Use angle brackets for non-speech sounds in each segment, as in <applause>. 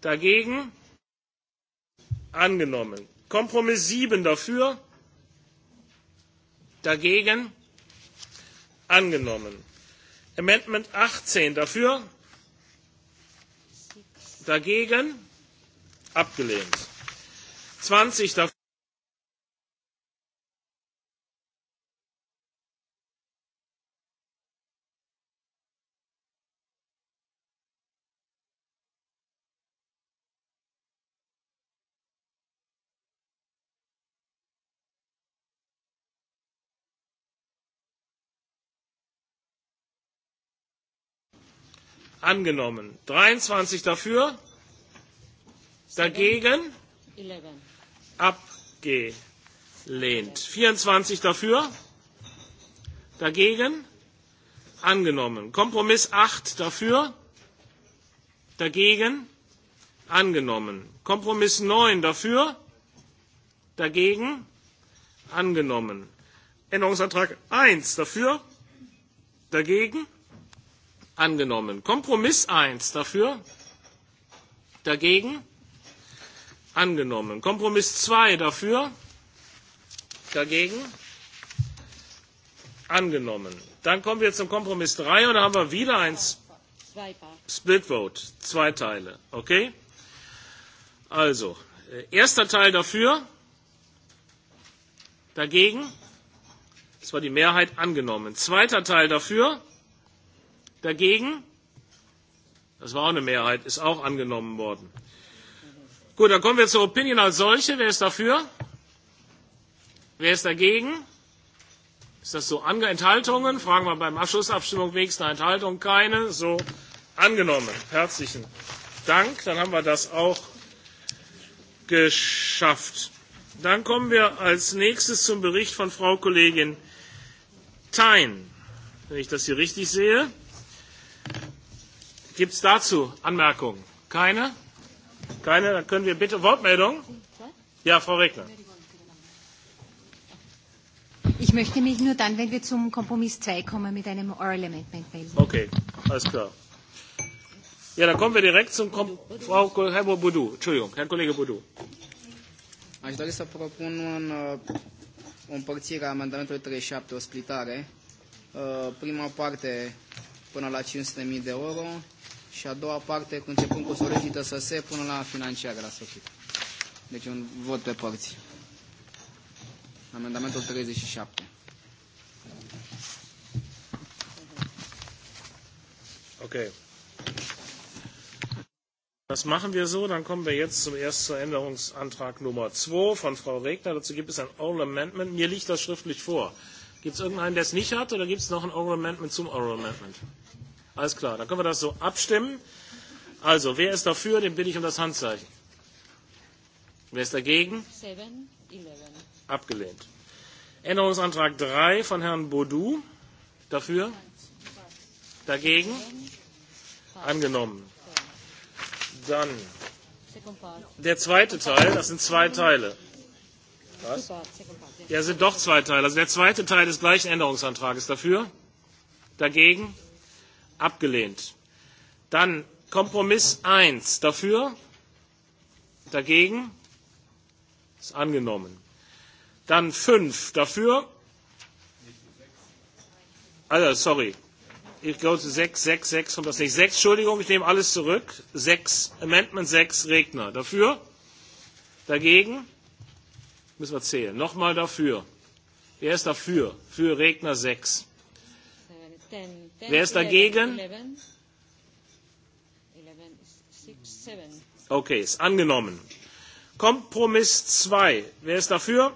Dagegen? Angenommen. Kompromiss 7 dafür? Dagegen? Angenommen. Amendment 18 dafür? Dagegen? Abgelehnt. 20 dafür? angenommen. 23 dafür, dagegen, abgelehnt. 24 dafür, dagegen, angenommen. Kompromiss 8 dafür, dagegen, angenommen. Kompromiss 9 dafür, dagegen, angenommen. Änderungsantrag 1 dafür, dagegen, angenommen. Kompromiss 1 dafür, dagegen angenommen. Kompromiss 2 dafür, dagegen angenommen. Dann kommen wir zum Kompromiss 3 und da haben wir wieder ein Split Vote, zwei Teile. Okay? Also, äh, erster Teil dafür, dagegen, das war die Mehrheit angenommen. Zweiter Teil dafür, Dagegen? Das war auch eine Mehrheit, ist auch angenommen worden. Gut, dann kommen wir zur Opinion als solche. Wer ist dafür? Wer ist dagegen? Ist das so ange Enthaltungen? Fragen wir beim Abschlussabstimmung wenigstens eine Enthaltung. Keine. So angenommen. Herzlichen Dank. Dann haben wir das auch geschafft. Dann kommen wir als nächstes zum Bericht von Frau Kollegin Thein, wenn ich das hier richtig sehe. Gibt es dazu Anmerkungen? Keine? Keine? Dann können wir bitte Wortmeldung. Ja, Frau Regner. Ich möchte mich nur dann, wenn wir zum Kompromiss 2 kommen, mit einem Oral Amendment melden. Okay, alles klar. Ja, dann kommen wir direkt zum Kom Frau Herr Boudou. Entschuldigung, Herr Kollege Boudou. Aș dori să propun un, uh, o împărțire a amendamentului 37, o splitare. Uh, prima parte până la 500.000 de euro și a doua parte, cu începând cu solicită să se până la financiare la sfârșit. Deci un vot pe părți. Amendamentul 37. Ok. Das machen wir so. Dann kommen wir jetzt zum ersten Änderungsantrag Nummer 2 von Frau Regner. Dazu gibt es ein Oral Amendment. Mir liegt das schriftlich vor. Gibt es irgendeinen, der es nicht hat? Oder gibt es noch ein Oral Amendment zum Oral Amendment? Alles klar, dann können wir das so abstimmen. Also, wer ist dafür, den bitte ich um das Handzeichen. Wer ist dagegen? eleven. Abgelehnt. Änderungsantrag 3 von Herrn Baudou. Dafür? Dagegen? Angenommen. Dann der zweite Teil, das sind zwei Teile. Was? Ja, sind doch zwei Teile. Also der zweite Teil des gleichen Änderungsantrags dafür, dagegen, abgelehnt. Dann Kompromiss 1 dafür, dagegen, ist angenommen. Dann 5 dafür, also sorry, ich glaube, zu 6, 6, 6 kommt das nicht. 6, Entschuldigung, ich nehme alles zurück. 6, Amendment 6, Regner. Dafür, dagegen, Müssen wir zählen. Nochmal dafür. Wer ist dafür? Für Regner 6. Wer ist dagegen? Okay, ist angenommen. Kompromiss 2. Wer ist dafür?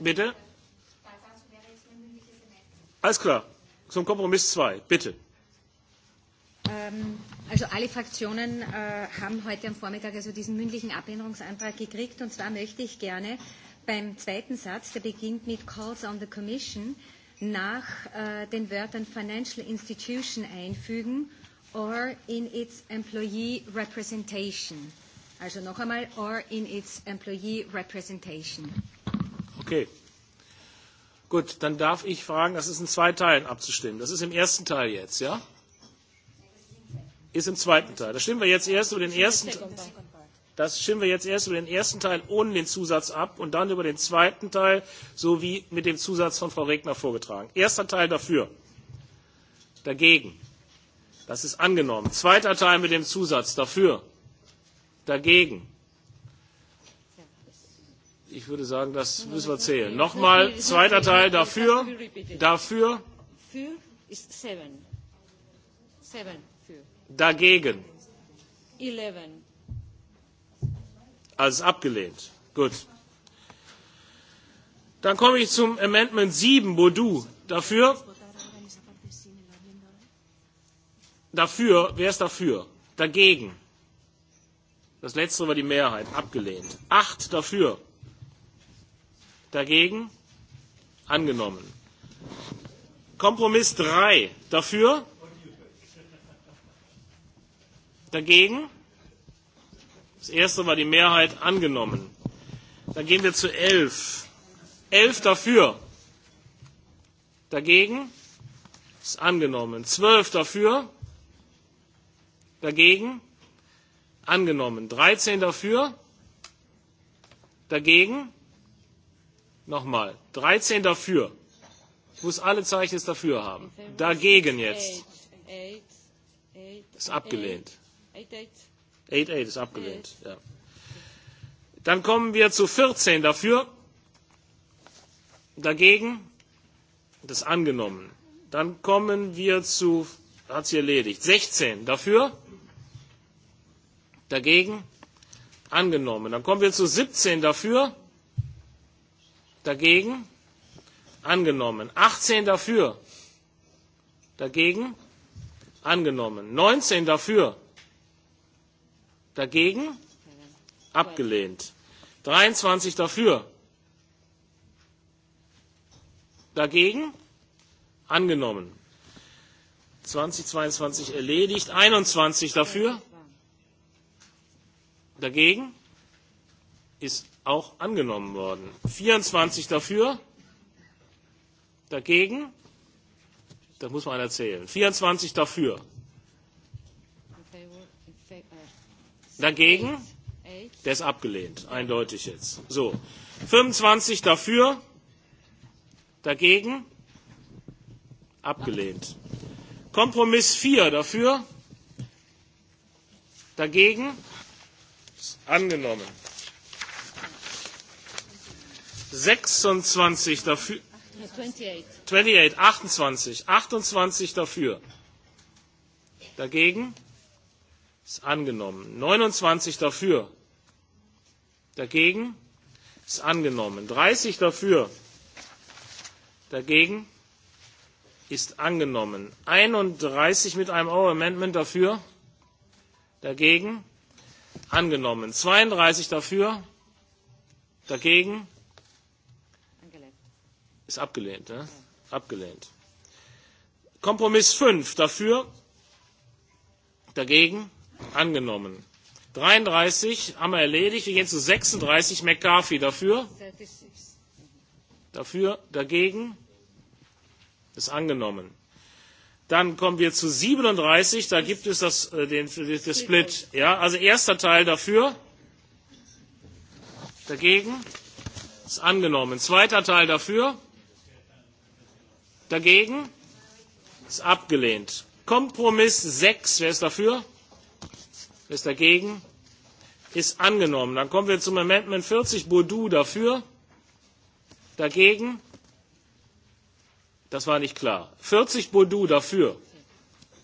Bitte? Alles klar. Zum Kompromiss 2. Bitte. Ähm, also alle Fraktionen äh, haben heute am Vormittag also diesen mündlichen Abänderungsantrag gekriegt. Und zwar möchte ich gerne beim zweiten Satz, der beginnt mit Calls on the Commission, nach äh, den Wörtern Financial Institution einfügen or in its employee representation. Also noch einmal, or in its employee representation. Okay. Gut, dann darf ich fragen, das ist in zwei Teilen abzustimmen. Das ist im ersten Teil jetzt, ja? ist im zweiten Teil. Da stimmen wir jetzt erst über den ersten Das stimmen wir jetzt erst über den ersten Teil ohne den Zusatz ab und dann über den zweiten Teil, so wie mit dem Zusatz von Frau Regner vorgetragen. Erster Teil dafür. Dagegen. Das ist angenommen. Zweiter Teil mit dem Zusatz dafür. Dagegen. Ich würde sagen, das müssen wir zählen. Nochmal, zweiter Teil dafür. Dafür. Für ist seven. Seven. Dagegen? Eleven. als abgelehnt. Gut. Dann komme ich zum Amendment 7, Bodu. Dafür? Dafür? Wer ist dafür? Dagegen? Das letzte war die Mehrheit. Abgelehnt. Acht dafür. Dagegen? Angenommen. Kompromiss 3. Dafür? Dagegen? Das erste war die Mehrheit angenommen. Dann gehen wir zu elf. Elf dafür. Dagegen? Ist angenommen. Zwölf dafür. Dagegen? Angenommen. Dreizehn dafür. Dagegen? Nochmal. Dreizehn dafür. Ich muss alle Zeichen dafür haben. Dagegen jetzt. Ist abgelehnt. 8-8 ist abgelehnt. Ja. Dann kommen wir zu 14 dafür. Dagegen. Das ist angenommen. Dann kommen wir zu, hat sie erledigt, 16 dafür. Dagegen. Angenommen. Dann kommen wir zu 17 dafür. Dagegen. Angenommen. 18 dafür. Dagegen. Angenommen. 19 dafür Dagegen? Abgelehnt. 23 dafür. Dagegen? Angenommen. 20, erledigt. 21 dafür. Dagegen? Ist auch angenommen worden. 24 dafür. Dagegen? Das muss man erzählen. 24 dafür. Dagegen? Der ist abgelehnt, eindeutig jetzt. So, 25 dafür, dagegen? Abgelehnt. Kompromiss 4 dafür, dagegen? Angenommen. 26 dafür. 28. 28, 28 dafür. Dagegen? ist angenommen. 29 dafür, dagegen ist angenommen. 30 dafür, dagegen ist angenommen. 31 mit einem Oral Amendment dafür, dagegen angenommen. 32 dafür, dagegen ist abgelehnt. Ne? Abgelehnt. Kompromiss 5 dafür, dagegen Angenommen. 33 haben wir erledigt. Wir gehen zu 36 McCarthy. Dafür? Dafür? Dagegen? Ist angenommen. Dann kommen wir zu 37. Da gibt es das, äh, den, den Split. Ja, also erster Teil dafür. Dagegen? Ist angenommen. Zweiter Teil dafür. Dagegen? Ist abgelehnt. Kompromiss 6. Wer ist dafür? ist dagegen? Ist angenommen. Dann kommen wir zum Amendment 40. Boudou dafür. Dagegen? Das war nicht klar. 40 Boudou dafür.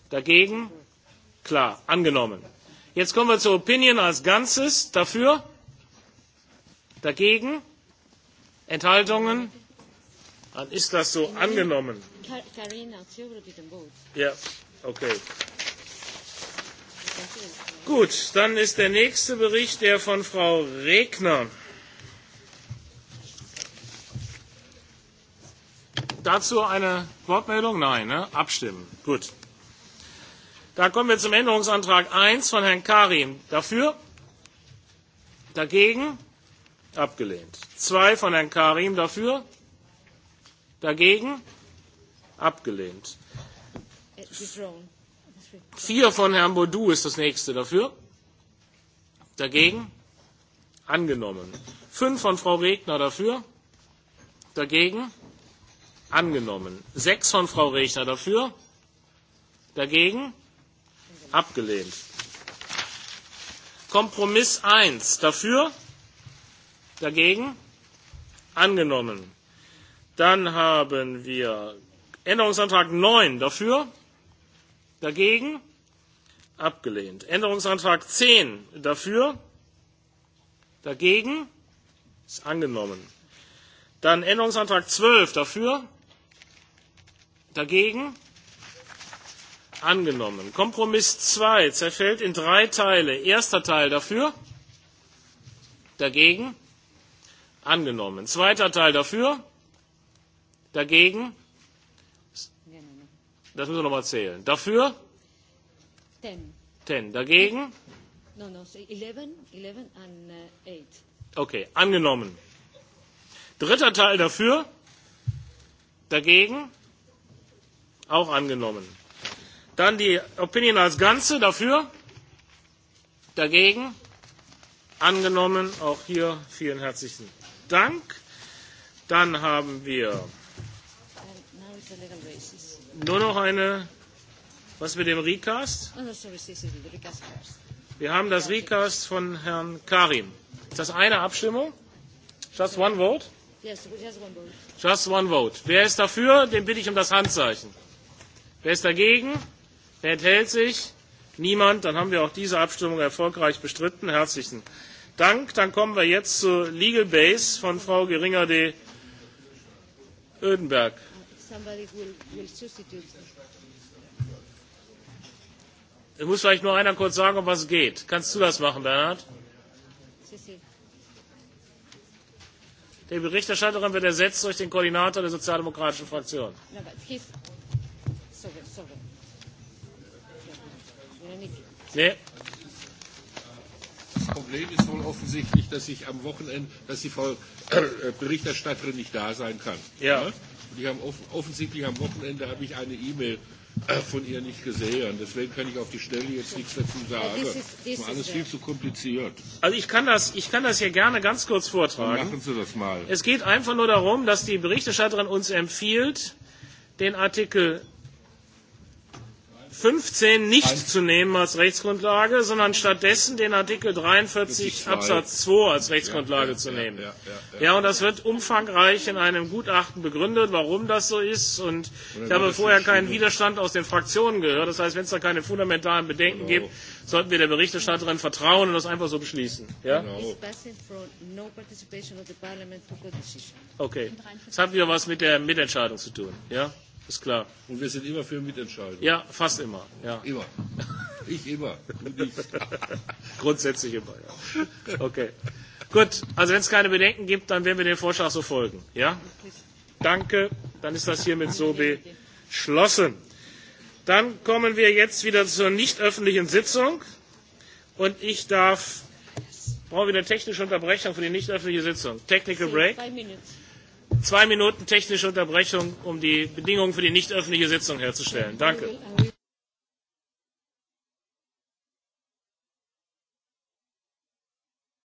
Dagegen? Klar. Angenommen. Jetzt kommen wir zur Opinion als Ganzes. Dafür? Dagegen? Enthaltungen? Dann ist das so angenommen. Ja, okay. Gut, dann ist der nächste Bericht der von Frau Regner. Dazu eine Wortmeldung? Nein, ne? Abstimmen. Gut. Da kommen wir zum Änderungsantrag 1 von Herrn Karim. Dafür? Dagegen? Abgelehnt. 2 von Herrn Karim. Dafür? Dagegen? Abgelehnt. Vier von Herrn Baudou ist das nächste dafür. Dagegen? Angenommen. Fünf von Frau Regner dafür. Dagegen? Angenommen. Sechs von Frau Regner dafür. Dagegen? Abgelehnt. Kompromiss eins dafür. Dagegen? Angenommen. Dann haben wir Änderungsantrag neun dafür. Dagegen? Abgelehnt. Änderungsantrag 10 dafür? Dagegen? Ist angenommen. Dann Änderungsantrag 12 dafür? Dagegen? Angenommen. Kompromiss 2 zerfällt in drei Teile. Erster Teil dafür? Dagegen? Angenommen. Zweiter Teil dafür? Dagegen? Das müssen wir nochmal zählen. Dafür? Ten. Ten. Dagegen? No, no, 11, 11 and 8. Uh, okay, angenommen. Dritter Teil dafür? Dagegen? Auch angenommen. Dann die Opinion als Ganze dafür? Dagegen? Angenommen. Auch hier vielen herzlichen Dank. Dann haben wir nur noch eine, was mit dem Recast? Ah, wir haben das Recast von Herrn Karim. Ist das eine Abstimmung? Just one vote? just one vote. Wer ist dafür? Den bitte ich um das Handzeichen. Wer ist dagegen? Wer enthält sich? Niemand. Dann haben wir auch diese Abstimmung erfolgreich bestritten. Herzlichen Dank. Dann kommen wir jetzt zur Legal Base von Frau Geringer de Ödenberg somebody will, will substitute. Es muss vielleicht nur einer kurz sagen, um was es geht. Kannst du das machen, Bernhard? Der Berichterstatterin wird ersetzt durch den Koordinator der sozialdemokratischen Fraktion. No, nee. Das Problem ist wohl offensichtlich, dass ich am Wochenende, dass die Frau <coughs> Berichterstatterin nicht da sein kann. Ja. ja? Und ich habe off offensichtlich am Wochenende habe ich eine E-Mail äh, von ihr nicht gesehen. Deswegen kann ich auf die Stelle jetzt nichts dazu sagen. das ist alles viel zu kompliziert. Also ich kann das, ich kann das hier gerne ganz kurz vortragen. Dann machen Sie das mal. Es geht einfach nur darum, dass die Berichterstatterin uns empfiehlt, den Artikel 15 nicht zu nehmen als Rechtsgrundlage, sondern stattdessen den Artikel 43 Absatz 2 als Rechtsgrundlage zu nehmen. Ja, und das wird umfangreich in einem Gutachten begründet, warum das so ist. Und ich habe vorher keinen Widerstand aus den Fraktionen gehört. Das heißt, wenn es da keine fundamentalen Bedenken gibt, sollten wir der Berichterstatterin vertrauen und das einfach so beschließen. Ja? No okay. Das hat wieder was mit der Mitentscheidung zu tun. Ja? Ist klar. Und wir sind immer für Mitentscheidung. Ja, fast immer. Ja. Immer. Ich immer. <laughs> Grundsätzlich immer, ja. Okay. Gut, also wenn es keine Bedenken gibt, dann werden wir dem Vorschlag so folgen. Ja? Danke. Dann ist das hiermit so beschlossen. Dann kommen wir jetzt wieder zur nicht öffentlichen Sitzung. Und ich darf, brauchen wir eine technische Unterbrechung für die nicht öffentliche Sitzung. Technical Break. Minuten zwei Minuten technische Unterbrechung, um die Bedingungen für die nicht öffentliche Sitzung herzustellen. Danke.